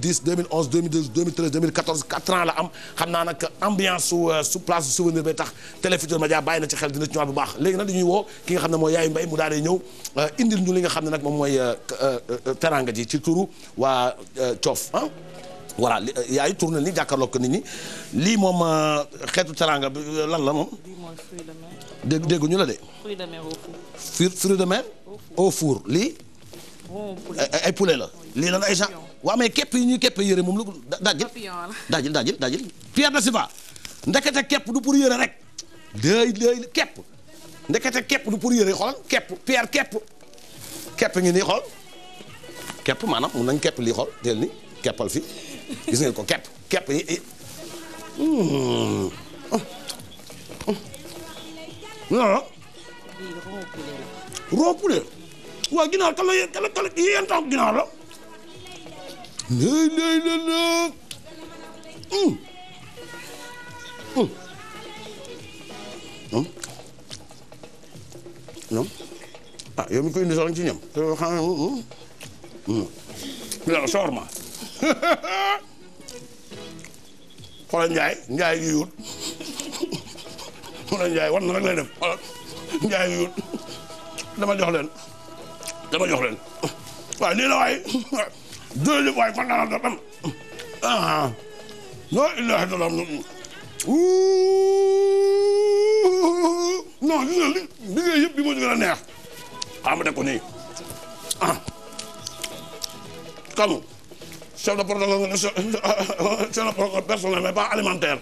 2010 2011 2012 la am xam naa nag ambiance su euh, su place souvenir bay tax Télé Futurs Médias bàyyi na ci xel dina ci ñëwaat bu baax léegi nag dañuy woo ki nga xam ne mooy Yaayu Mbaye mu daal ñëw euh, indil ñu li nga xam ne nag moom mooy euh, teranga ji ci turu waa Coof ah. voilà yaayu tourné ni jàkkaarloog nit ñi lii moom xeetu teranga lan la moom. dégg ñu la de. fruit de mer au four. fruit de lii. ay poulet la lii lan ay gens. waa mais képp yi ñuy képpee yére moom lu daajil daajil daajil daajil Pierre de Silva ndekete képp du pour yére rek day day képp ndekete képp du pour yére xool képp Pierre képp képp ngi nii xool képp maanaam mun nañ képp lii xool teel ni keppal fi gis ngeen ko képp képp yi non roopule waaw ginnaaw kala kala kala yéen tax ginnaaw la lay lay la la non non ah yow mi koy indi sax ci ñam xam nga mm, mm. mm. soor ma xoolal Ndiaye Ndiaye gi yut xoolal war na rek lay def xoolal Ndiaye gi yut dama jox leen dama jox leen waaw lii la jërëjëf waay kon daal dafa am ah non il a non li li liggéey yëpp bi moo ci gën a neex xam ah, nga teg ko nii ah kamu chef de protocole chef de protocole personnel mais pas alimentaire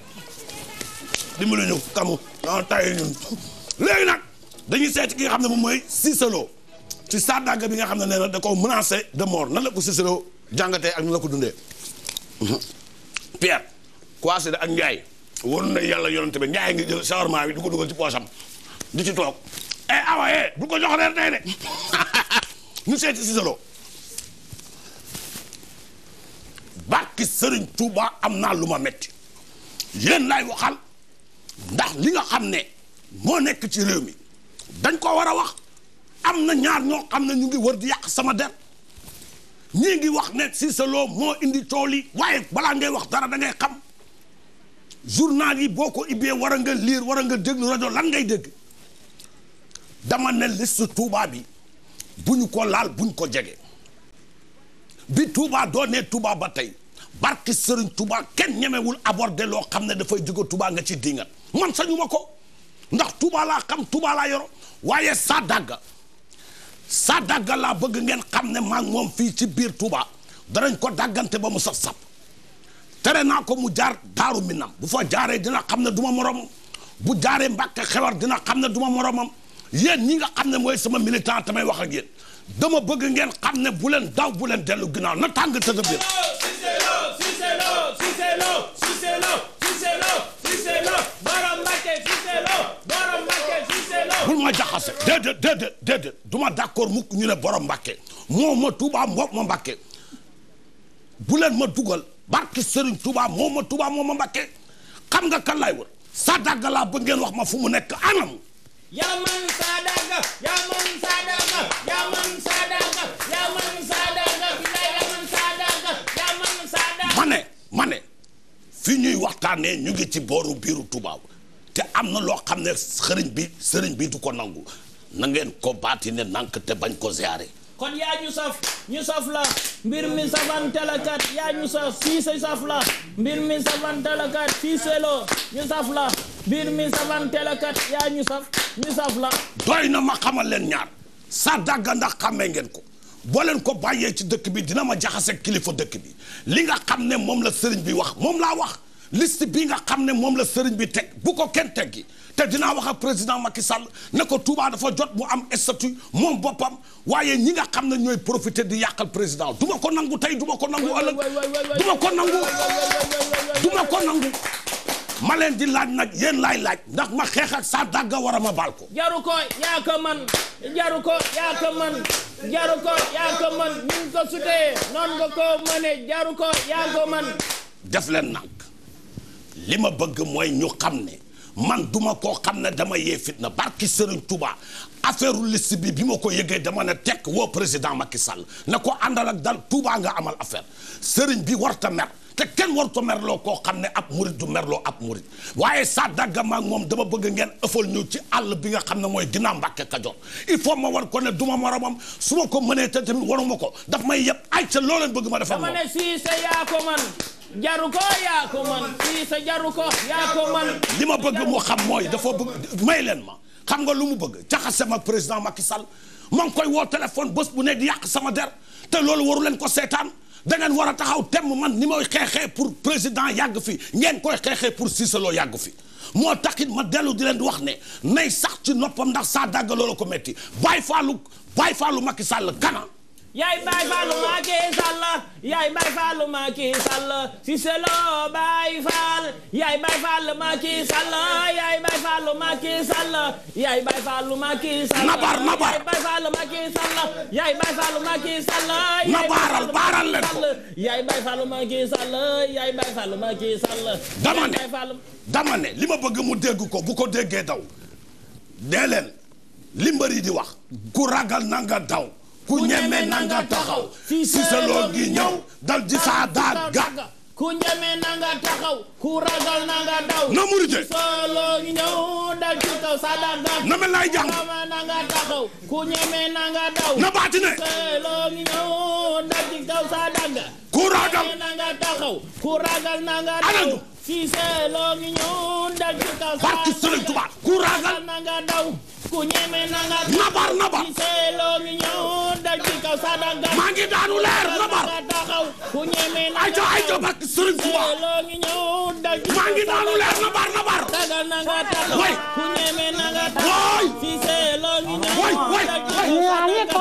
dimbali ñu kamu ah taay ñun léegi nag dañuy seet ki nga xam ne moom mooy Cicelo ci Sadaga bi nga xam ne nee na da koo menacé de mort nan la ko Cicelo. jàngatee ak ñu nga ko dundee Pierre Kouassi da ak Ndiaye waroon na yàlla yonante bi Ndiaye ngi jël shawarma bi du ko dugal ci poosam di ci toog eh awa eh bu ko jox reer tey de ñu seeti si solo barki Sëriñ Tuuba am naa lu ma metti yéen laay waxal ndax li nga xam ne moo nekk ci réew mi dañ koo war a wax am na ñaar ñoo xam ne ñu ngi wër di yàq sama der ñii ngi wax ne Cissé Lo moo indi tool yi waaye balaa ngay wax dara dangay ngay xam journal yi boo ko ibbee war a nga liir war a nga déglu rajo lan ngay dégg dama ne liste tuubaa bi bu ñu ko laal bu ñu ko jege bi Touba doonee Touba ba tey barki Serigne Touba kenn ñemewul aborder loo xam ne dafay jóge Touba nga ci dingat man sañuma ko ndax Touba laa xam Touba laa yoro waaye saa dàgga sa dàgga bëgg ngeen xam ne maag moom fii ci biir Touba danañ ko daggante ba mu saf sap tere naa ko mu jaar daaru minam bu fa jaaree dina xam ne du ma moromam bu jaaree mbàkke xewar dina xam ne du ma moromam yéen ñi nga xam ne mooy sama militant tamay wax ak yéen dama bëgg ngeen xam ne bu leen daw bu leen dellu ginnaaw na tàng tëdd biir. bul ma jaxase déedéet déedéet déedéet du ma d'accord mukk ñu ne borom Mbàkke moo ma Tuubaa moo ma Mbàkke bu leen ma dugal barke Sëriñ Tuubaa moo ma Tuubaa moo ma Mbàkke xam nga kan laay wër Sadaga wax ma fu mu nekk anam yaa man Sadaga yaa man Sadaga yaa man Sadaga ma ne fi ñuy waxtaanee ñu ngi ci booru biiru Tuubaa am na loo xam ne sëriñ bi sëriñ bi du ko nangu na ngeen ko baati ne nank te bañ ko ziare. kon yaa ñu saf ñu saf la mbir mi safante la kat saf fii sa saf la mbir mi safante la kat fii selo ñu saf la mbir mi safante la kat yaa ñu saf ñu saf la. doy na ma xamal leen ñaar sa dàgga ndax xàmmee ngeen ko. booleen leen ko bàyyee ci dëkk bi dina ma jaxase kilifa dëkk bi li nga xam ne moom la sëriñ bi wax moom laa wax list bi nga xam ne moom la sëriñ bi teg bu ko kenn teggi te dinaa wax ak président Macky Sall ne ko Touba dafa jot mu am statut moom boppam waaye ñi nga xam ne ñooy profité di yàqal président du ma ko nangu tey du ma ko nangu ëllëg du ma ko nangu du ma ko nangu leen di laaj nag yéen laay laaj ndax ma xeex ak sa dàgga war a ma baal ko jaru ko yaa ko man jaru ko yaa ko man jaru ko yaa ko man ñu ko sutee noonu nga ko mëne jaru ko yaa man def leen nag li ma bëgg mooy ñu xam ne man duma koo xam ne dama yee fitna barki Serigne Touba affaire liste bi bi ma ko yëgee dama ne tekk woo président Macky Sall ne ko àndal ak dal Touba nga amal affaire Serigne bi warta mer te kenn warta loo koo xam ne ab murit du merloo ab murit waaye saa dagga maag moom dama bëgg ngeen ëffal ñu ci àll bi nga xam ne mooy ginnaaw ka Kajoor il faut ma war ko ne duma moromam su ma ko mënee te tamit waruma ko daf may yëpp ay ca bëgg ma defal jaru ko yaa ko man fii ko yaa li ma bëgg moo xam mooy dafa bëgg may leen ma xam nga lu mu bëgg jaxase ma président Macky Sall ma ngi koy woo téléphone bés bu ne di yàq sama der te loolu waru leen ko seetaan da ngeen war a taxaw temm man ni mooy xeexee pour président yàgg fi ngeen koy xeexee pour Cissé Lo yàgg fi moo taxit ma dellu di leen di wax ne nay sax ci noppam ndax saa dagg loola ko métti bàyyi faalu bàyyi faalu Macky Sall kana yaay Baay Faalu Macky Sall yaay Baay Faalu Faalu Macky Sall yaay Baay Faalu Macky Sall yaay yaay Baay Faalu Macky Sall yaay Baay Faalu ko yaay li ma bëgg mu dégg ko bu ko déggee daw dee li mbër yi di wax ku ragal na daw ku ñeme nanga taxaw fi Cissé gi ñëw dal di saa daag ga ku ñeme nanga taxaw ku ragal nanga daw na murite solo ñëw dal ci kaw sa daga na mel lay jàng nanga taxaw ku ñeme nanga daw na baatine solo ñëw dal ci kaw sa daga ku ragal nanga taxaw ku ragal nanga daw Cissé Lo ngi ñëw dal ci kaw sa daga barki Sëriñ Tuba ku ragal nanga daw ku ñeme nanga nabar nabar Cissé Lo ngi ñëw maa ngi daanu leer Lamar ay ca ay ca bakk Serigne Touba maa ngi daanu leer Lamar Lamar way way way way